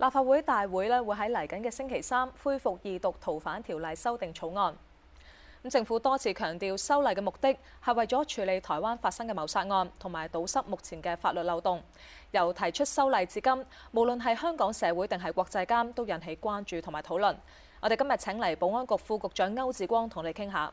立法會大會咧會喺嚟緊嘅星期三恢復二讀《逃犯條例》修訂草案。咁政府多次強調，修例嘅目的係為咗處理台灣發生嘅謀殺案，同埋堵塞目前嘅法律漏洞。由提出修例至今，無論係香港社會定係國際間都引起關注同埋討論。我哋今日請嚟保安局副局長區志光同你傾下。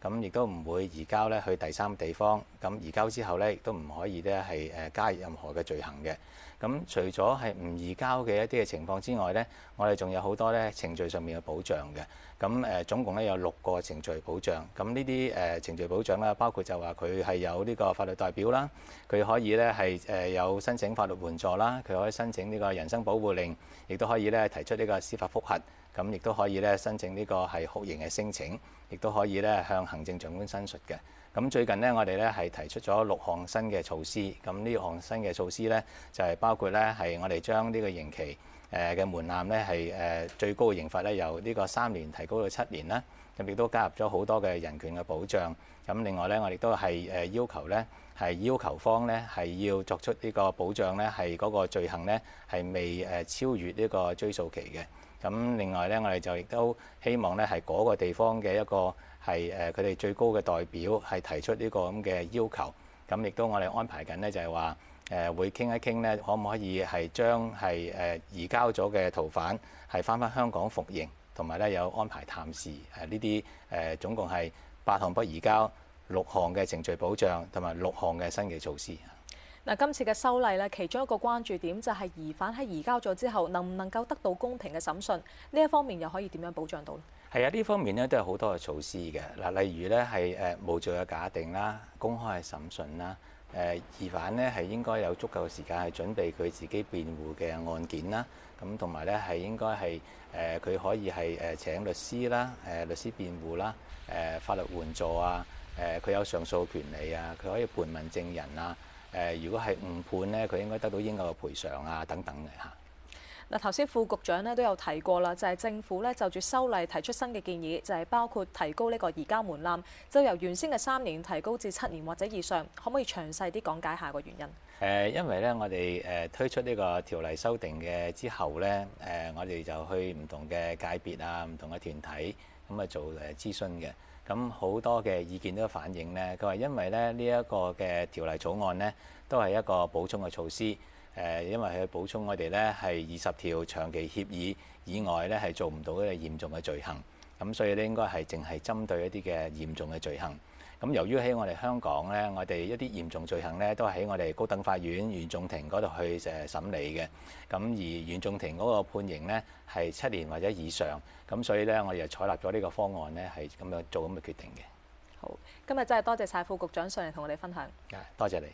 咁亦都唔會移交咧去第三地方，咁移交之後咧亦都唔可以咧係誒加任何嘅罪行嘅。咁除咗係唔移交嘅一啲嘅情況之外咧，我哋仲有好多咧程序上面嘅保障嘅。咁誒總共咧有六個程序保障。咁呢啲程序保障呢，包括就話佢係有呢個法律代表啦，佢可以咧係有申請法律援助啦，佢可以申請呢個人身保護令，亦都可以咧提出呢個司法覆核。咁亦都可以咧申請呢個係酷刑嘅申請，亦都可以咧向行政長官申述嘅。咁最近咧，我哋咧係提出咗六項新嘅措施。咁呢項新嘅措施咧，就係包括咧係我哋將呢個刑期誒嘅門檻咧係誒最高嘅刑罰咧由呢個三年提高到七年啦。咁亦都加入咗好多嘅人權嘅保障。咁另外咧，我哋都係誒要求咧係要求方咧係要作出呢個保障咧係嗰個罪行咧係未誒超越呢個追訴期嘅。咁另外咧，我哋就亦都希望咧係嗰個地方嘅一個係誒佢哋最高嘅代表係。提出呢個咁嘅要求，咁亦都我哋安排緊呢，就係話誒會傾一傾呢，可唔可以係將係移交咗嘅逃犯係翻返香港服刑，同埋呢有安排探視誒呢啲誒總共係八項不移交六項嘅程序保障，同埋六項嘅新嘅措施。嗱，今次嘅修例咧，其中一個關注點就係疑犯喺移交咗之後，能唔能夠得到公平嘅審訊？呢一方面又可以點樣保障到咧？係啊，呢方面咧都有好多嘅措施嘅，嗱，例如咧係誒無罪嘅假定啦、公開嘅審訊啦、誒疑犯咧係應該有足夠嘅時間去準備佢自己辯護嘅案件啦。咁同埋咧係應該係誒佢可以係誒請律師啦、誒律師辯護啦、誒法律援助啊、誒佢有上訴權利啊，佢可以盤問證人啊。誒，如果係誤判咧，佢應該得到應有嘅賠償啊，等等嘅嚇。嗱，頭先副局長咧都有提過啦，就係政府咧就住修例提出新嘅建議，就係包括提高呢個移交門檻，就由原先嘅三年提高至七年或者以上，可唔可以詳細啲講解下個原因？誒，因為咧，我哋誒推出呢個條例修訂嘅之後咧，誒，我哋就去唔同嘅界別啊，唔同嘅團體咁啊做誒諮詢嘅。咁好多嘅意見都反映咧，佢話因為咧呢一個嘅條例草案咧，都係一個補充嘅措施。呃，因為佢補充我哋咧係二十條長期協議以外咧係做唔到嘅嚴重嘅罪行，咁所以咧應該係淨係針對一啲嘅嚴重嘅罪行。咁由於喺我哋香港咧，我哋一啲嚴重罪行咧都喺我哋高等法院原訟庭嗰度去誒審理嘅。咁而原訟庭嗰個判刑咧係七年或者以上，咁所以咧我哋就採納咗呢個方案咧，係咁樣做咁嘅決定嘅。好，今日真係多謝晒副局長上嚟同我哋分享。多謝你。